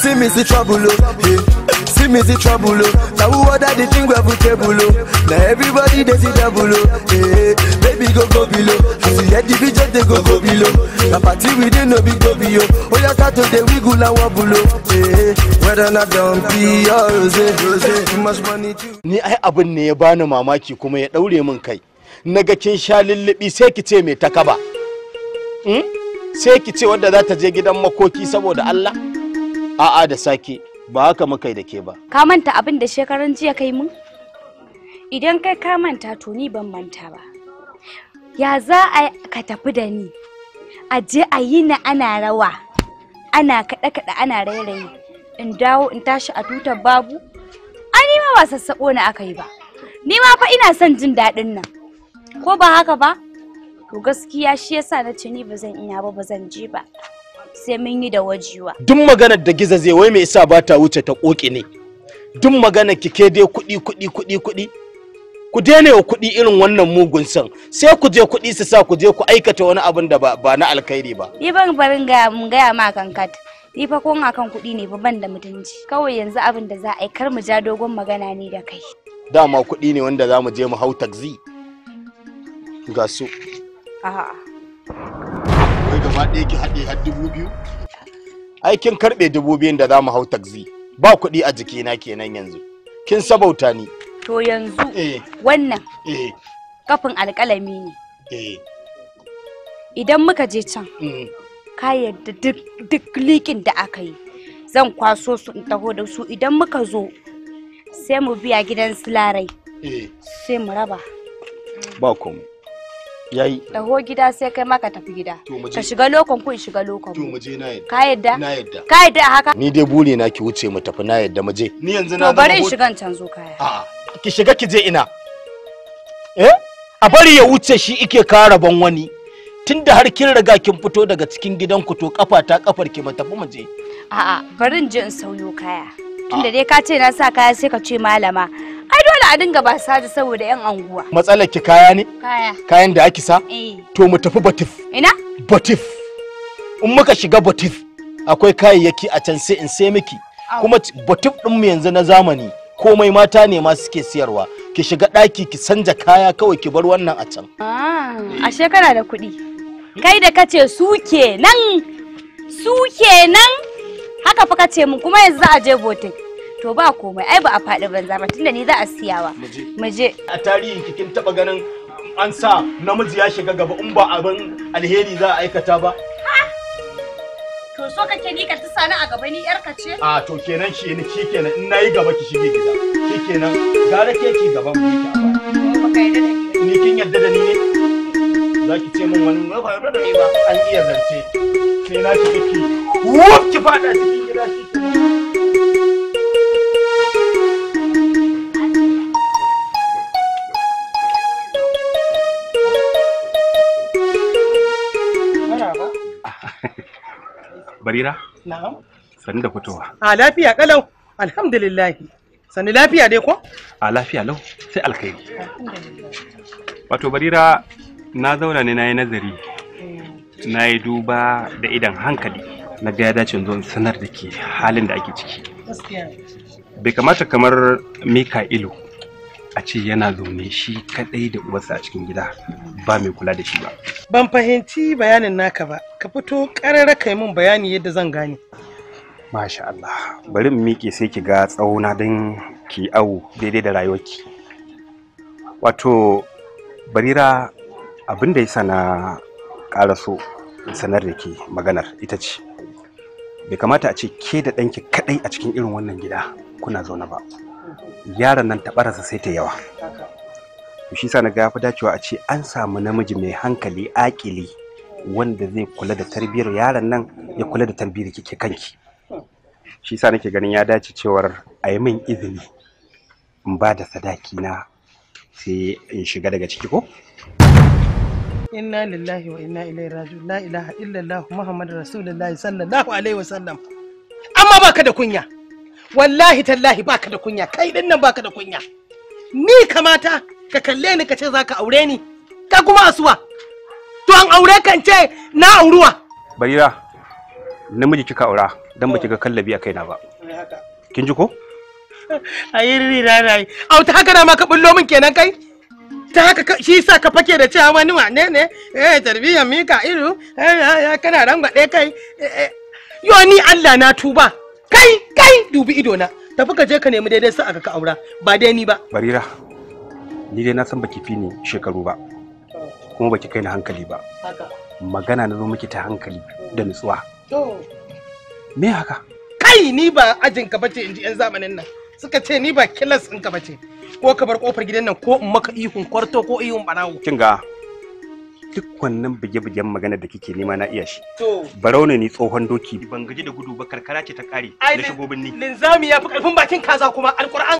Si mi si trabulo, si mi si trabulo Tawou wada di ting wavu tebulo Na eviwadi de si tabulo Baby go go bilo Fisi yeti bi jote go go bilo Na pati wi de no bi go bi yo Oya tatou de wigula wabulo Weda na dam pi ya oze Ni ahe abe ne banu ma mati koume yeti wale menkai na ga kin sha lullubi sai ki ce mai takaba hmm? sai ki ce wadda za ta je gidan makoki saboda Allah a'a da sake ba haka muka da ke ba ka manta abin da shekaran jiya kai mun idan kai ka manta to ni ban manta ba ya za a ka tafi da ni a je a yi na ana rawa ana kaɗe kaɗe ana rairayi in dawo in tashi a tutar babu A'a, ma ba sassaƙo na aka yi ba ni ma fa ina son jin daɗin nan ko ba haka ba to gaskiya shi yasa na ce ni ba zan iya ba ba zan je ba sai mun yi da wajiwa duk maganar da giza zai wai me yasa ba ta wuce ta koki ne duk maganar ki ke dai kuɗi kuɗi kuɗi kuɗi ku daina wa kuɗi irin wannan mugun san sai ku je kuɗi su sa ku je ku aikata wani abin da ba na alkhairi ba ni ban barin ga mun gaya ma kankat ni fa kun akan kuɗi ne ba ban da mutunci kawai yanzu abin da za a yi kar mu ja dogon magana ne da kai dama kuɗi ne wanda zamu je mu hau tagzi? ga su wai gaba ɗaya ki haɗe har dubu biyu ai kin karɓe dubu biyun da za mu hau taxi ba kuɗi a jikina kenan yanzu kin sabauta ni to yanzu eh. wannan kafin eh. alƙalami ne eh. idan muka je can mm. ka yadda duk likin da aka yi zan kwaso su in taho da su idan muka zo sai mu biya gidan su larai sai mu raba ba komai yayi daho gida sai kai ma tafi gida ka shiga lokon ku shiga lokon to mu je na yadda ka yadda na yadda ka yadda a haka ni dai buri na ki wuce mu tafi na yadda mu je ni yanzu na to bari in shiga can zo kaya a'a ki shiga ki je ina eh a bari ya wuce shi ike ban wani tunda har kin riga kin fito daga cikin gidanku to kafa ta kafar ki mu tafi mu je a'a bari in je in sauyo kaya tunda dai ka ce na sa kaya sai ka ce malama ai dole a dinga ba saji saboda yan anguwa matsalar ki kaya ne kaya kayan da ake sa eh. to mu tafi batif ina batif in muka shiga batif akwai kayayyaki a can sai in sai miki kuma batif din mu yanzu na zamani komai mata ne ma suke siyarwa ki shiga daki, ki canja kaya kawai ki bar wannan a can A ah, shekara da kuɗi kai da kace su kenan su kenan haka fa kace mu kuma yanzu za a je botif to ba komai ai ba a faɗi banza ba tunda ni za a siyawa mu je a tarihin kin taba ganin an sa namiji ya shiga gaba in ba abin alheri za a aikata ba to so kake ni ka tsana ni a gaba ni yar ka ce a to kenan shi ni shi kenan in nayi gaba ki shige gida shi kenan gara ke ki gaba mu ki ba da ni kin yadda da ni ne za ki ce min wani ba ba da ni ba an iya zance sai na shige ki wuf ki fada ciki Barira? Na'am. Sani da fitowa. A lafiya kalau. Alhamdulillah. Sani lafiya dai ko? A lafiya lau sai alkhairi. Wato Barira na zauna ne na yi nazari. Eh. Na yi duba da idan hankali. Na ga ya dace zo sanar da ke halin da ake ciki. Bai kamata kamar ilo a ce yana zaune shi kadai da uwarsa a cikin gida ba mai kula da shi ba. Ban fahimci bayanin naka ba, ka fito karara kai min bayani yadda zan gane. Masha Allah, bari mu miƙe sai ki ga tsauna don ki awo daidai da rayuwarki. Wato, barira abin da ya sana ƙara so sanar da ke maganar ita ce. Bai kamata a ce ke da ɗanki kaɗai a cikin irin wannan gida kuna zaune ba. yaron nan tabararsa sai ta yawa to shi sa na ga fi dacewa a ce an samu namiji mai hankali akili wanda zai kula da tarbiyyar yaron nan ya kula da tarbiyyar kike kanki shi sa nake ganin ya dace cewar a yi min izini in ba da sadaki na sai in shiga daga ciki ko inna lillahi wa inna ilaihi raji'un la ilaha illallah muhammadur rasulullahi sallallahu alaihi wasallam amma baka da kunya wallahi tallahi baka da kunya kai din nan baka da kunya ni kamata ka kalle ni ka ce za ka aure ni ka kuma asuwa to an aure kan ce na auruwa barira namiji kika aura dan baki ga kallabi a kaina ba kin ji ko ayi rira rai au ta haka na ma ka bullo min kenan kai ta haka shi sa ka fake da cewa wani wane ne eh tarbiyyar mika iru eh, kana rangwade kai eh, eh. yo ni Allah na tuba kai dubi idona tafi ka je ka nemi daidai sa aka ka aura ba dai ni ba barira ni dai na san baki fi ni shekaru ba kuma baki kai ni hankali ba magana na zo miki ta hankali da nutsuwa me haka kai ni ba ajin ka bace inji yan zamanin nan suka ce ni ba kilas in ka bace ko ka bar kofar gidan nan ko in maka ihun kwarto ko ihun barawo kinga duk wannan buge-bugen magana da kike nema na iya shi. To. Barau ne ni tsohon doki. Ban gaji da gudu ba karkara ce ta kare. Na shigo binni. Linzami ya fi karfin bakin kaza kuma alkur'an.